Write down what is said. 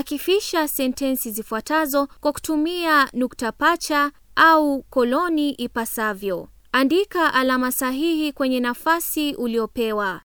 akifisha sentensi zifuatazo kwa kutumia nukta pacha au koloni ipasavyo. Andika alama sahihi kwenye nafasi uliopewa.